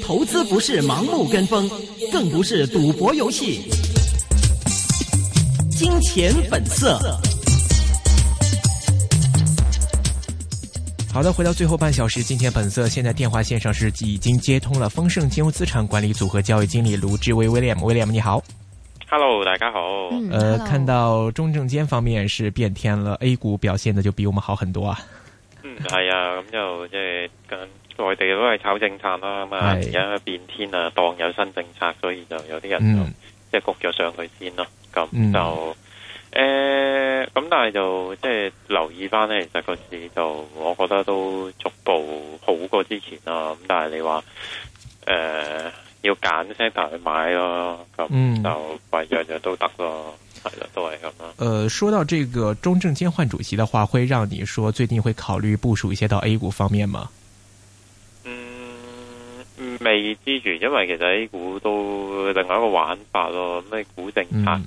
投資不是盲目跟風，更不是賭博遊戲。金錢本色。好的，回到最後半小時，金錢本色現在電話線上是已經接通了，豐盛金融資產管理組合交易經理盧志威 William，William 你好。Hello，大家好。呃，看到中證監方面是變天了，A 股表現的就比我們好很多啊。係啊，咁就即係跟內地都係炒政策啦嘛，而家變天啊，當有新政策，所以就有啲人就即係焗著上去先咯。咁、嗯、就誒，咁、嗯嗯嗯、但係就即係、就是、留意翻咧，其實個市就我覺得都逐步好過之前啦。咁但係你話誒、呃、要揀 s e 去買咯，咁就或樣樣都得咯。係啦，都係咁啦。誒、呃，說到這個中證監換主席嘅話，會讓你說最近會考慮部署一些到 A 股方面嗎？嗯，未知住，因為其實 A 股都另外一個玩法咯，咩股定策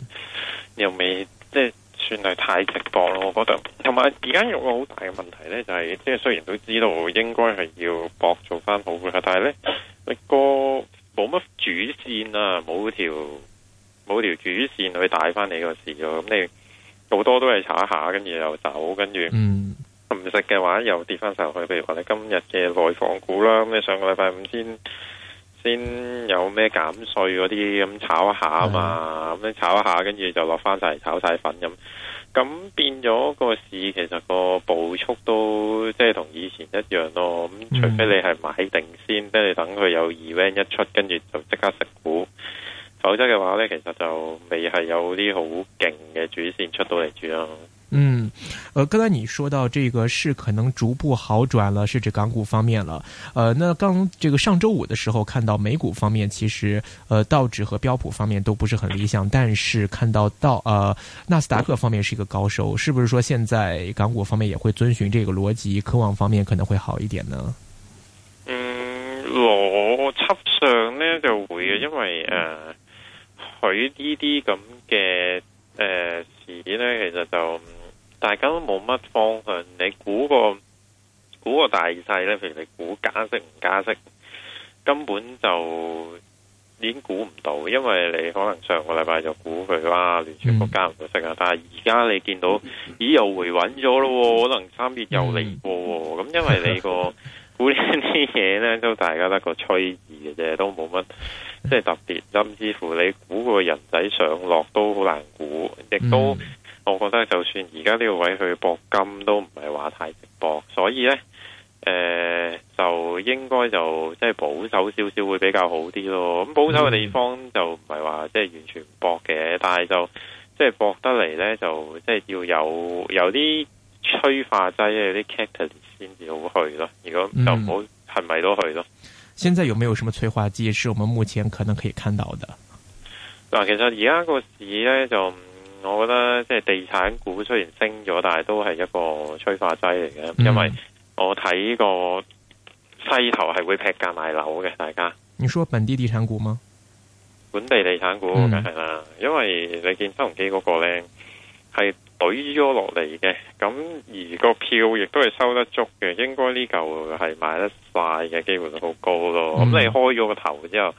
又未，即係算係太直播咯。我覺得同埋而家有，現在有個好大嘅問題咧、就是，就係即係雖然都知道應該係要搏做翻好嘅，但係咧、那個冇乜主線啊，冇條。冇條主線去帶翻你個市咯，咁你好多都係炒一下，跟住又走，跟住唔食嘅話又跌翻上去。譬如話你今日嘅內房股啦，咁你上個禮拜五先先有咩減稅嗰啲咁炒一下嘛，咁你炒一下，跟住就落翻晒嚟炒晒粉咁。咁變咗個市其實個步速都即係同以前一樣咯。咁除非你係買定先，即、嗯、係等佢有 event 一出，跟住就即刻食股。否則嘅話呢，其實就未係有啲好勁嘅主線出到嚟住咯。嗯，呃，剛才你說到這個是可能逐步好轉了，是指港股方面了。呃，那剛這個上周五的時候，看到美股方面其實，呃，道指和標普方面都不是很理想，但是看到道呃，納斯達克方面是一個高收，是不是說現在港股方面也會遵循這個邏輯？科網方面可能會好一點呢？嗯，邏輯上呢就會，因為誒。呃喺呢啲咁嘅誒事件呢，其實就大家都冇乜方向。你估個估個大勢呢，譬如你估加息唔加息，根本就已經估唔到。因為你可能上個禮拜就估佢哇，連串加唔到息啊，但係而家你見到咦又回穩咗咯，可能三月又嚟過咁、嗯嗯，因為你個。估呢啲嘢呢，都大家得個趨勢嘅啫，都冇乜即係特別，甚、嗯、至乎你估個人仔上落都好難估，亦都、嗯、我覺得就算而家呢個位去搏金都唔係話太直博，所以呢，誒、呃、就應該就即係保守少少會比較好啲咯。咁保守嘅地方就唔係話即係完全唔搏嘅，但係就即係搏得嚟呢，就即係要有有啲催化劑，有啲 catalyst 先至好去咯，如果唔冇係咪都去咯？現在有沒有什麼催化劑是我們目前可能可以看到的？嗱，其實而家個市咧，就我覺得即係地產股雖然升咗，但係都係一個催化劑嚟嘅，因為我睇個勢頭係會劈價賣樓嘅。大家，你說本地地產股嗎？本地地產股梗係啦，因為你見收銀機嗰個咧係。懟咗落嚟嘅，咁而個票亦都係收得足嘅，應該呢嚿係賣得快嘅，機會都好高咯。咁、嗯、你開咗個頭之後，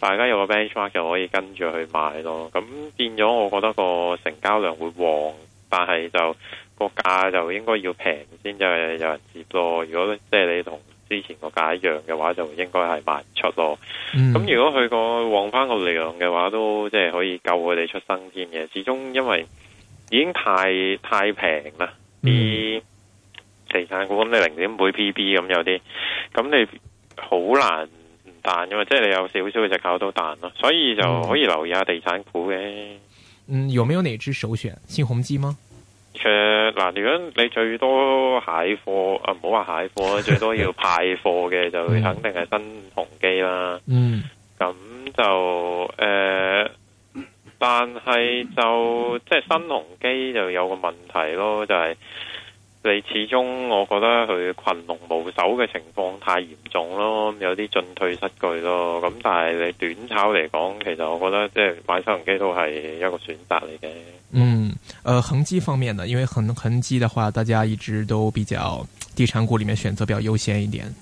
大家有個 benchmark 就可以跟住去買咯。咁變咗，我覺得個成交量會旺，但係就、個價就應該要平先，就有人接咯。如果即係、就是、你同之前個價一樣嘅話，就應該係賣唔出咯。咁、嗯、如果佢個旺翻個量嘅話，都即係可以救佢哋出生添嘅。始終因為。已經太太平啦，啲地產股咁你零點五 PB 咁有啲，咁你好難彈噶嘛，即係你有少少就搞到彈咯，所以就可以留意下地產股嘅。嗯，有沒有哪支首選新鴻基嗎？誒、呃，嗱、呃，如果你最多蟹貨，唔好話蟹貨啦，最多要派貨嘅，就肯定係新鴻基啦。嗯，咁就誒。呃但係就即係新鴻基就有個問題咯，就係、是、你始終我覺得佢群龍無首嘅情況太嚴重咯，有啲進退失據咯。咁但係你短炒嚟講，其實我覺得即係買新鴻基都係一個選擇嚟嘅。嗯，誒、呃，恒基方面呢？因為恒恒基嘅話，大家一直都比較地產股裏面選擇比較優先一點。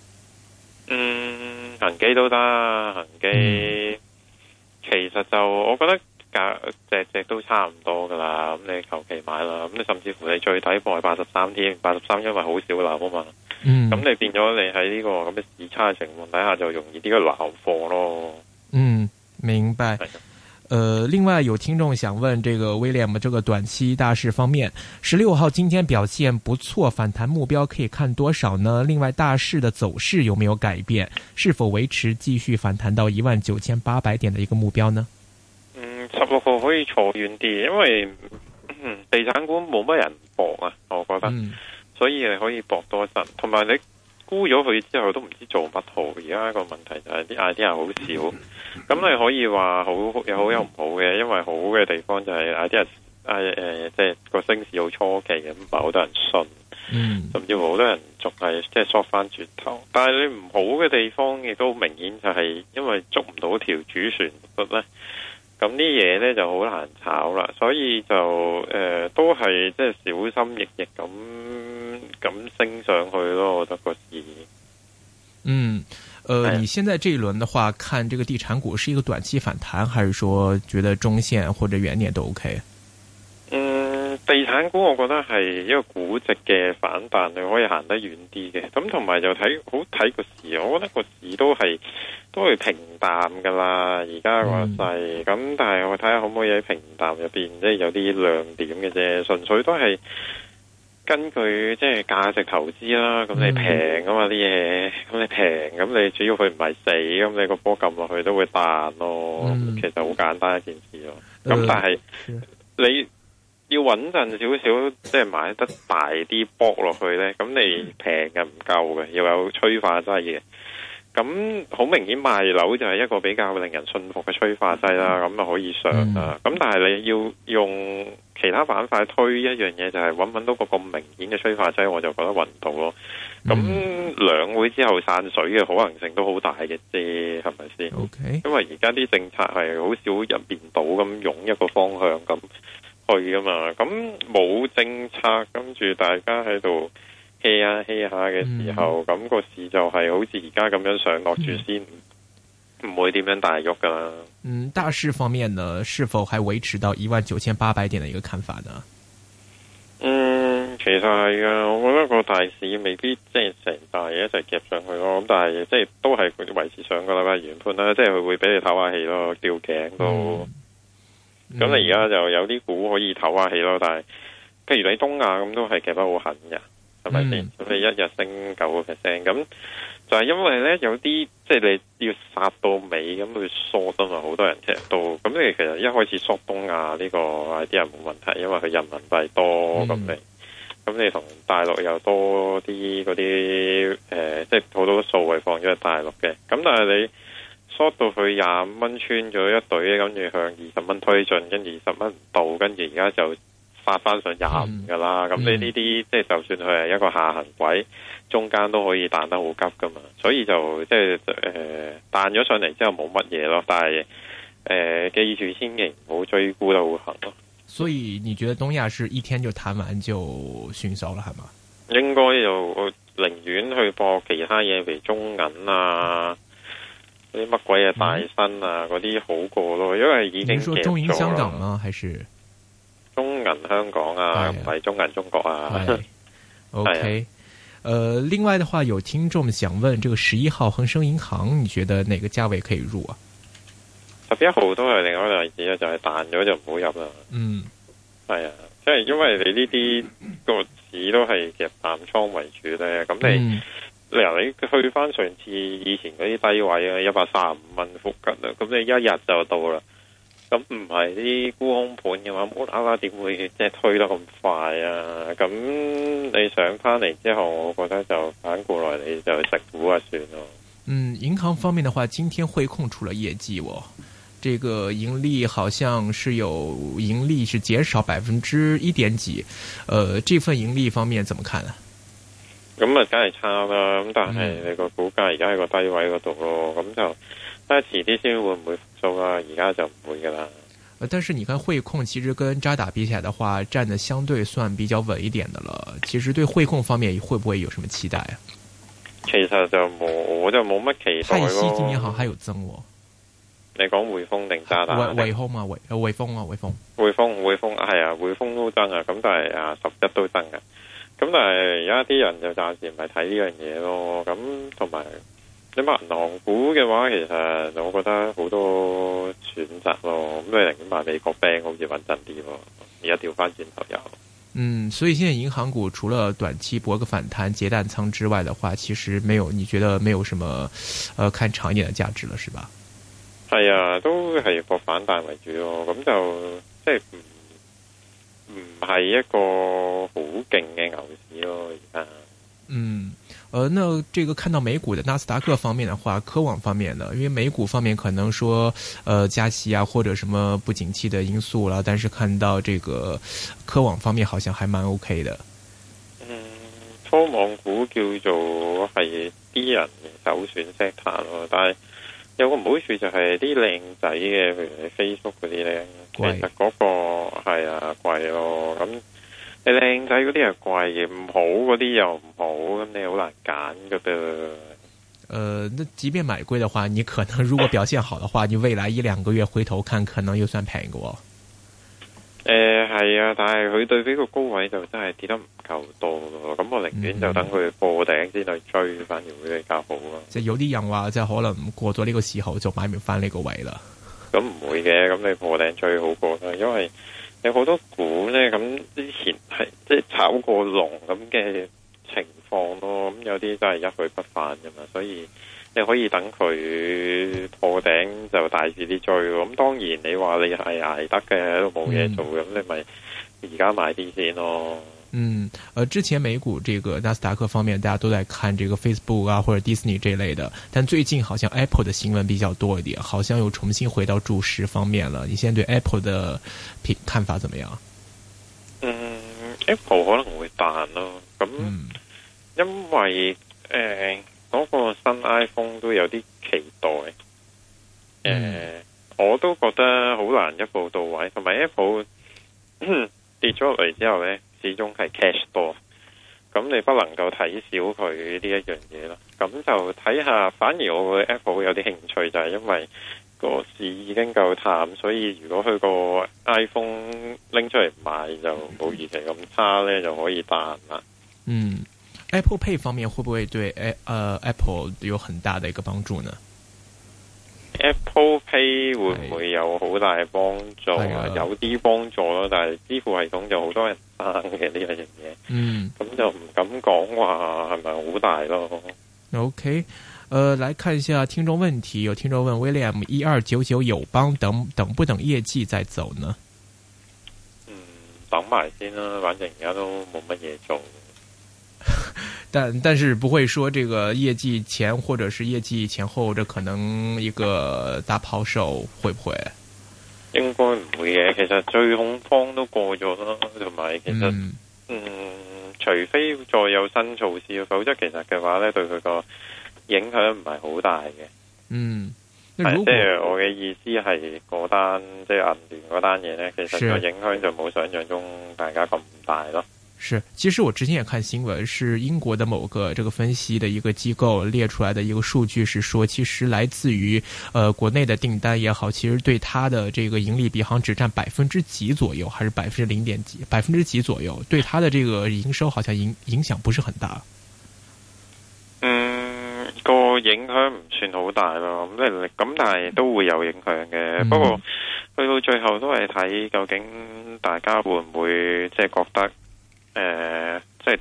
嗯，恒基都得，恒基、嗯、其實就我覺得。價隻只都差唔多噶啦，咁你求其買啦，咁你甚至乎你最底部係八十三天，八十三因為好少流啊嘛，咁、嗯、你變咗你喺呢個咁嘅市差嘅情況底下就容易啲個流貨咯。嗯，明白。誒、呃，另外有聽眾想問，這個 William，這個短期大市方面，十六號今天表現不錯，反彈目標可以看多少呢？另外大市的走勢有沒有改變？是否維持繼續反彈到一萬九千八百點的一個目標呢？十六號可以坐遠啲，因為地產股冇乜人博啊，我覺得、嗯，所以你可以博多陣。同埋你估咗佢之後都唔知道做乜好。而家個問題就係啲 idea 好少，咁你可以話好有好有唔好嘅，嗯，因為好嘅地方就係 idea 誒，即係個升市好初期嘅，唔係好多人信，嗯，甚至乎好多人仲係即係縮翻轉頭。但係你唔好嘅地方亦都明顯就係因為捉唔到條主旋律咧。咁啲嘢咧就好難炒啦，所以就誒都係即係小心翼翼咁咁升上去咯，我覺得個市。嗯，誒、呃，你現在這一輪的話，看這個地產股是一個短期反彈，還是說覺得中線或者遠點都 OK？地產股我覺得係一個估值嘅反彈，你可以行得遠啲嘅。咁同埋就睇好睇個市，我覺得個市都係都係平淡噶啦。而家就係咁，嗯、但係我睇下可唔可以喺平淡入邊即係有啲亮點嘅啫。純粹都係根據即係價值投資啦。咁你平啊嘛啲嘢，咁、嗯、你平，咁你主要佢唔係死，咁你個波撳落去都會彈咯、嗯。其實好簡單一件事咯。咁、嗯、但係、yeah. 你。要穩陣少少，即係買得大啲，博落去呢。咁你平嘅，唔夠嘅，要有催化劑嘅。咁好明顯賣樓就係一個比較令人信服嘅催化劑啦。咁、嗯、啊可以上啦咁、嗯、但係你要用其他板塊推一樣嘢，就係揾揾到個咁明顯嘅催化劑，我就覺得揾唔到咯。咁兩會之後散水嘅可能性都好大嘅，啫，係咪先？O K，因為而家啲政策係好少入面到咁，湧一個方向咁。去噶嘛？咁冇政策，跟住大家喺度 hea 下 hea 下嘅時候，咁、嗯、個市就係好似而家咁樣上落住先，唔、嗯、會點樣大喐噶啦。嗯，大市方面呢，是否還維持到一萬九千八百點的一個看法呢？嗯，其實係㗎。我覺得個大市未必即係成大嘢一齊夾上去咯。咁但係即係都係維持上個禮拜原判啦，即係佢會俾你透下氣咯，吊頸都。嗯咁、嗯、你而家就有啲股可以唞下氣咯，但係，譬如你東亞咁都係夾得好狠嘅，係咪先？咁、嗯、你一日升九個 percent，咁就係因為咧有啲即係你要殺到尾咁去疏身嘛，好多人其實都。咁你其實一開始疏東亞呢個啲人冇問題，因為佢人民幣多咁、嗯、你，咁你同大陸又多啲嗰啲即係好多數位放咗去大陸嘅，咁但係你。縮到佢廿蚊穿咗一隊，跟住向二十蚊推進，跟住二十蚊到，跟住而家就發翻上廿五噶啦。咁呢啲即係就算佢係一個下行位，中間都可以彈得好急噶嘛。所以就即係誒彈咗上嚟之後冇乜嘢咯。但係誒、呃、記住千祈唔好追沽得好行咯。所以你覺得東亞市一天就彈完就算數啦，係嘛？應該就寧願去博其他嘢，譬如中銀啊。嗯啲乜鬼嘢大新啊，嗰、嗯、啲好過咯，因為已經跌咗啦。中銀香港啊，還、啊、是中銀香港啊，唔係中銀中國啊？係、啊。 o、okay. K，呃，另外嘅話，有聽眾想問，這個十一號恒生銀行，你覺得哪個價位可以入啊？十一號都係另外一個例子啊，就係彈咗就唔好入啦。嗯，係啊，即係因為你呢啲個市都係其實淡倉為主咧，咁你。嗯你去翻上次以前嗰啲低位啊，一百三十五蚊附近啊，咁你一日就到啦。咁唔係啲沽空盤嘅話，冇啦啦點會即係推得咁快啊？咁你上翻嚟之後，我覺得就反過來，你就食糊就算咯。嗯，銀行方面的話，今天匯控出了業績喎、哦，這個盈利好像是有盈利是減少百分之一點幾，呃，這份盈利方面怎麼看呢、啊？咁啊，梗係差啦。咁但係你個股價而家喺個低位嗰度咯，咁就睇下遲啲先會唔會復蘇啦。而家就唔會噶啦。但是你睇匯、嗯啊、控，其實跟渣打比起來的話，站得相對算比較穩一點的了。其實對匯控方面，會不會有什麼期待啊？其實就冇，我就冇乜期待咯。泰係今年還有增喎。你講匯豐定渣打？匯匯豐啊，匯匯豐啊，匯豐匯豐匯豐係啊，匯豐、哎、都增啊，咁但係啊，十一都增嘅。咁但係而家啲人就暫時唔係睇呢樣嘢，咯，咁同埋你買銀行股嘅話，其實我覺得好多選擇咯，咁你寧願買美國 bank 好似穩陣啲咯，而家調翻轉頭又嗯，所以現在銀行股除了短期搏個反彈截彈倉之外的話，其實沒有你覺得沒有什麼，呃，看長一點的價值了，是吧？係啊，都係搏反彈為主咯，咁就即係。唔係一個好勁嘅牛市咯，而家，嗯，呃，那這個看到美股的納斯達克方面的話，科網方面呢？因為美股方面可能說，呃，加息啊或者什麼不景氣的因素啦，但是看到這個科網方面好像還蠻 OK 的。嗯，科網股叫做係啲人首選 set 盤咯，但係。有個唔好處就係啲靚仔嘅，譬如你 Facebook 嗰啲咧，其實嗰、那個係啊貴咯。咁你靚仔嗰啲係貴嘅，唔好嗰啲又唔好，咁你好難揀噶。噉，誒，那即便買貴嘅話，你可能如果表現好的話， 你未來一兩個月回頭看，可能又算平過。誒、呃，係啊，但係佢對比個高位就真係跌得唔夠多咯。咁我寧願就等佢破頂先去追，嗯、反而會比較好咯。即、就、係、是、有啲人話，即係可能過咗呢個時候就買唔翻呢個位啦。咁、嗯、唔會嘅，咁你破頂追好過啦，因為有好多股呢，咁之前係即係炒過龍咁嘅情況咯。咁有啲真係一去不返噶嘛，所以。你可以等佢破頂就大肆啲追咯。咁當然你話你係挨得嘅，都冇嘢做咁，嗯、你咪而家買啲先咯。嗯，誒、呃，之前美股這個納斯達克方面，大家都在看這個 Facebook 啊或者 Disney 這類的，但最近好像 Apple 的新聞比較多一點，好像又重新回到注視方面了。你現在對 Apple 的看法怎麼樣？嗯，Apple 可能會彈咯、啊、咁、嗯、因為誒。呃嗰、那個新 iPhone 都有啲期待，誒、嗯，我都覺得好難一步到位，同埋 Apple 跌咗落嚟之後呢，始終係 cash 多，咁你不能夠睇少佢呢一樣嘢咯。咁就睇下，反而我會 Apple 有啲興趣，就係、是、因為個市已經夠淡，所以如果佢個 iPhone 拎出嚟賣就冇預期咁差呢，就可以彈啦。嗯。Apple Pay 方面會唔會對 Apple 有很大的一個幫助呢？Apple Pay 會唔會有好大幫助？哎、有啲幫助咯，但係支付系統就好多人爭嘅呢一樣嘢。嗯，咁就唔敢講話係咪好大咯。OK，呃，來看一下聽眾問題，有聽眾問 William 一二九九友邦等等不等業績再走呢？嗯、等埋先啦，反正而家都冇乜嘢做。 但但是不會說這個業績前，或者是業績前後，這可能一個大拋售會不會？應該唔會嘅，其實最恐慌都過咗咯，同埋其實，嗯，嗯，除非再有新措施，否則其實嘅話咧，對佢個影響唔係好大嘅。嗯，係即係我嘅意思係，嗰單即係銀聯嗰單嘢咧，其實個影響就冇想象中大家咁大咯。是，其實我之前也看新聞，是英國的某個這個分析的一個機構列出來的一個數據，是說其實來自於呃國內的訂單也好，其實對它的這個盈利比好像只佔百分之幾左右，還是百分之零點幾百分之幾左右，對它的這個營收好像影影響不是很大。嗯，個影響唔算好大咯，咁但係都會有影響嘅，嗯。不過去到最後都係睇究竟大家會唔會即係覺得。誒、呃，即係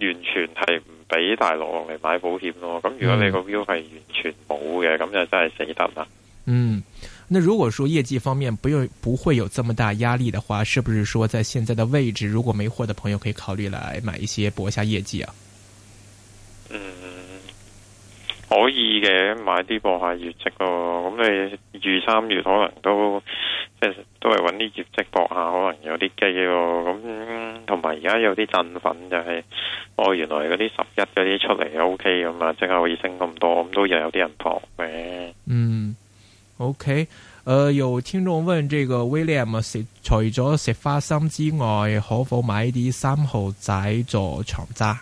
完全係唔俾大陸嚟買保險咯。咁如果你個 view 係完全冇嘅，咁就真係死得啦。嗯，那如果說業績方面不用不會有這麼大壓力的話，是不是說在現在的位置，如果沒貨的朋友可以考慮來買一些搏下業績啊？可以嘅，買啲博下業績咯。咁你預三月可能都即係都係揾啲業績博下，可能有啲機咯。咁同埋而家有啲振奮就係，是，哦原來嗰啲十一嗰啲出嚟又 OK 噶嘛，即係可以升咁多，咁都有有啲人搏嘅。嗯，OK，誒、呃，有聽眾問：，這個 William 啊，除咗食花生之外，可否買啲三號仔做長揸？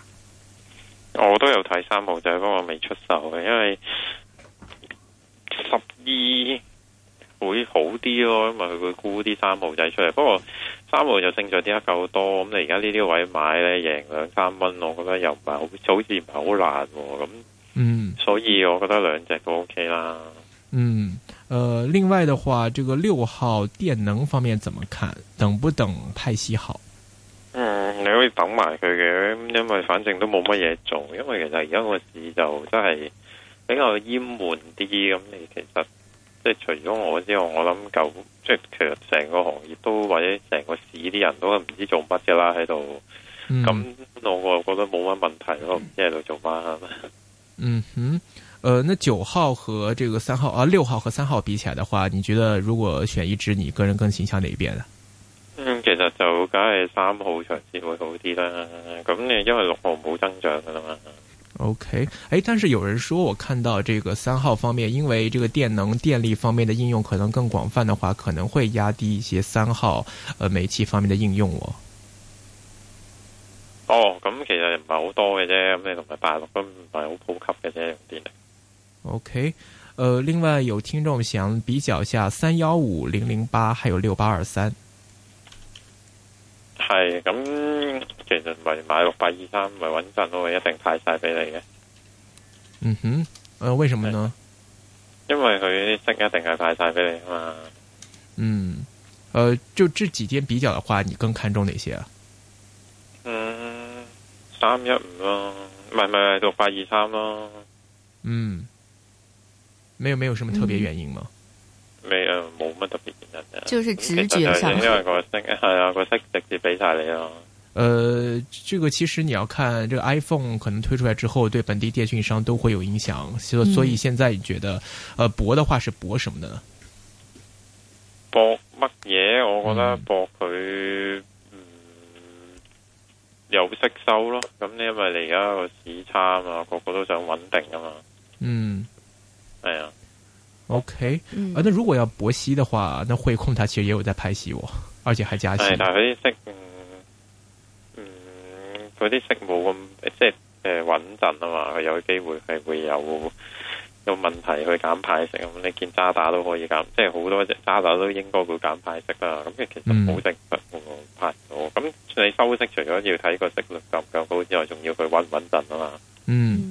我都有睇三號仔，不過未出售嘅，因為十二會好啲咯，因為佢會沽啲三號仔出嚟。不過三號就升咗啲，一嚿多咁。你而家呢啲位買咧，贏兩三蚊，我覺得又唔係好，好似唔係好難咁。嗯，所以我覺得兩隻都 OK 啦。嗯，誒、呃，另外嘅話，這個六號電能方面怎麼看？等不等派息好？可以等埋佢嘅，因為反正都冇乜嘢做，因為其實而家個市就真係比較淹悶啲咁。你其實即係除咗我之外，我諗九即係其實成個行業都或者成個市啲人都唔知做乜嘅啦喺度。咁、嗯、我我覺得冇乜問題咯，唔知喺度做乜。嗯哼，誒、嗯呃，那九號和這個三號啊，六號和三號比起來的話，你覺得如果選一支，你個人更傾向哪一邊啊？嗯、其實就梗係三號長線會好啲啦。咁你因為六號冇增長噶啦嘛。O K，誒，但是有人說，我看到這個三號方面，因為呢個電能電力方面的應用可能更廣泛嘅話，可能會壓低一些三號，呃、煤氣方面的應用哦。哦，咁、嗯、其實唔係好多嘅啫，咁你同埋八六都唔係好普及嘅啫，用電力。O K，誒，另外有聽眾想比較下三幺五零零八，還有六八二三。係咁，其實咪買六百二三咪穩陣咯，一定派晒俾你嘅。嗯哼，誒、啊，為什麼呢？因為佢啲息一定係派晒俾你啊嘛。嗯，誒、呃，就這幾間比較的話，你更看重哪些啊？嗯，三一五咯，唔係唔係六百二三咯。嗯，沒有，沒有什麼特別原因嗎？沒有，冇乜特別。人人就是直覺上。係 啊，佢識直接俾晒你咯。呃，這個其實你要看，這個 iPhone 可能推出來之後，對本地電訊商都會有影響。所、嗯、所以，現在你覺得，呃，博的話是博什麼呢？博乜嘢？我覺得博佢、嗯嗯，有息收咯。咁你因為你而家個市差啊嘛，個個都想穩定啊嘛。嗯，係、哎、啊。O、okay. K、嗯、啊，如果要博息的話，那匯控，他其實也有在派息我而且還加息。係，但係佢啲息，嗯，佢啲息冇咁即係誒穩陣啊嘛，佢有機會係會有有問題去減派息，咁你見渣打都可以減，即係好多隻渣打都應該會減派息啦。咁其實冇淨發過派到，咁、嗯、你收息除咗要睇個息率夠唔夠高之外，仲要佢穩唔穩陣啊嘛。嗯。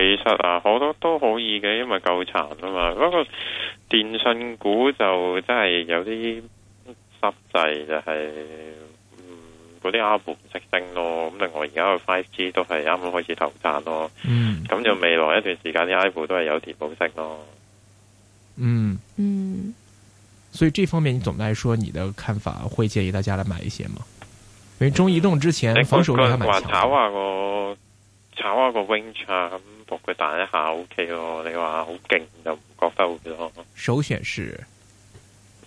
其實啊，好多都可以嘅，因為夠殘啊嘛。不過電信股就真係有啲濕滯，就係嗰啲阿部唔識升咯。咁另外而家個 Five G 都係啱啱開始投贊咯。嗯，咁就未來一段時間啲阿 e 都係有啲補升咯。嗯嗯，嗯，所以這方面你總嘅來說，你的看法會建議大家嚟買一些嘛？因為中移動之前、嗯、防守力炒一個 wing chart，咁搏佢彈一下 O K 咯，你話好勁就唔覺得咯。首選是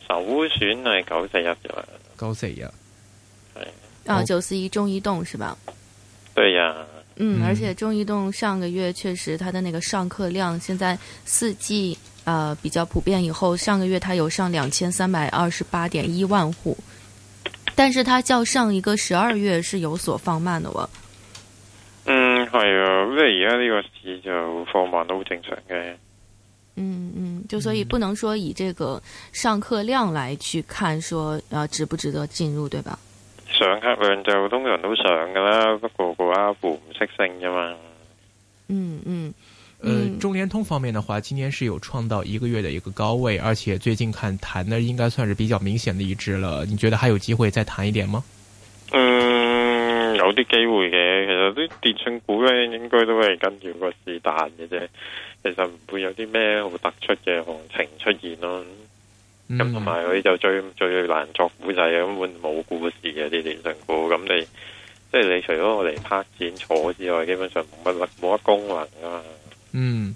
首選係九四一嘅啦，九四一係啊，九四一中移動是吧？對呀、啊，嗯，而且中移動上個月確實，它的那個上客量，現在四 G 啊、呃、比較普遍，以後上個月它有上兩千三百二十八點一萬戶，但是它較上一個十二月是有所放慢的喎。係、哎、啊，因為而家呢個市就放慢都好正常嘅。嗯嗯，就所以不能說以這個上課量來去看，說啊值不值得進入，對吧？上課量就通常都上噶啦，不過個阿部唔識升啫嘛。嗯嗯，誒、嗯呃，中聯通方面的話，今天是有創到一個月的一個高位，而且最近看彈的應該算是比較明顯的一支了。你覺得還有機會再彈一點嗎？啲機會嘅，其實啲電訊股咧應該都係跟住個市彈嘅啫，其實唔會有啲咩好突出嘅行情出現咯、啊。咁同埋佢就最最難作估，就係根本冇故事嘅啲電訊股，咁你即係你除咗我哋拍展坐之外，基本上冇乜冇乜功能噶、啊、嘛。嗯。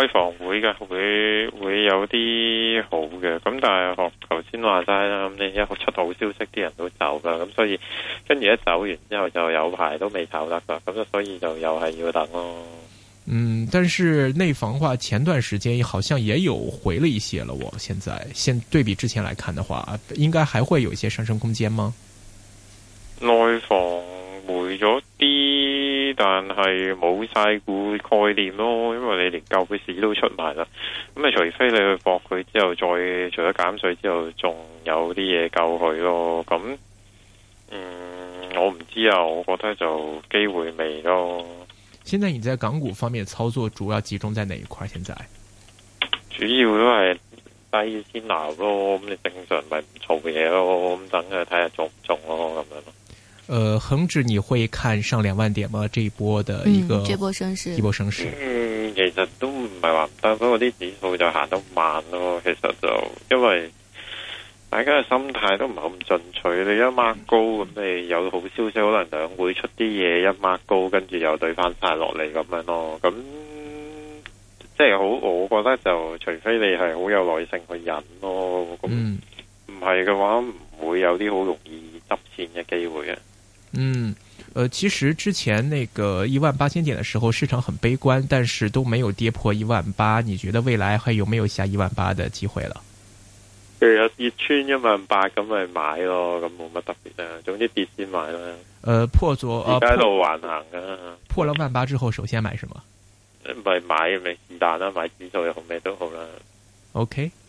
內房會嘅會會有啲好嘅，咁但係學頭先話齋啦，你一出到消息，啲人都走噶，咁所以跟住一走完之後就有排都未走得噶，咁所以就又係要等咯。嗯，但是內房嘅話前段時間好像也有回了一些了，我現在現對比之前來看的話，應該還會有一些上升空間嗎？內房回咗啲。但係冇晒股概念咯，因為你連舊股市都出埋啦，咁咪除非你去博佢之後，再除咗減稅之後，仲有啲嘢救佢咯。咁，嗯，我唔知啊，我覺得就機會未咯。現在你在港股方面操作主要集中在哪一塊？現在主要都係低先拿咯，咁你正常咪唔做嘢咯，咁等佢睇下做唔做咯，咁樣咯。誒、呃，恒指你會看上兩萬點嗎？這一波的一個，嗯、這波升勢，一波升勢、嗯。其實都唔係話唔得，不過啲指數就行得慢咯。其實就因為大家嘅心態都唔係咁進取。你一 mark 高咁、嗯，你有好消息，可能兩會出啲嘢，一 mark 高跟住又對翻晒落嚟咁樣咯。咁即係好，我覺得就除非你係好有耐性去忍咯。咁唔係嘅話，唔會有啲好容易執錢嘅機會嗯，呃，其實之前那個一萬八千點的時候，市場很悲觀，但是都沒有跌破一萬八。你覺得未來還有沒有下一萬八的機會了？如果有跌穿一萬八，咁咪買咯，咁冇乜特別啊。總之跌先買啦。呃，破咗啊，而家一路橫行噶。破了萬八之後，首先買什麼？咪、呃、買咪是但啦，買指數又好咩都好啦。OK。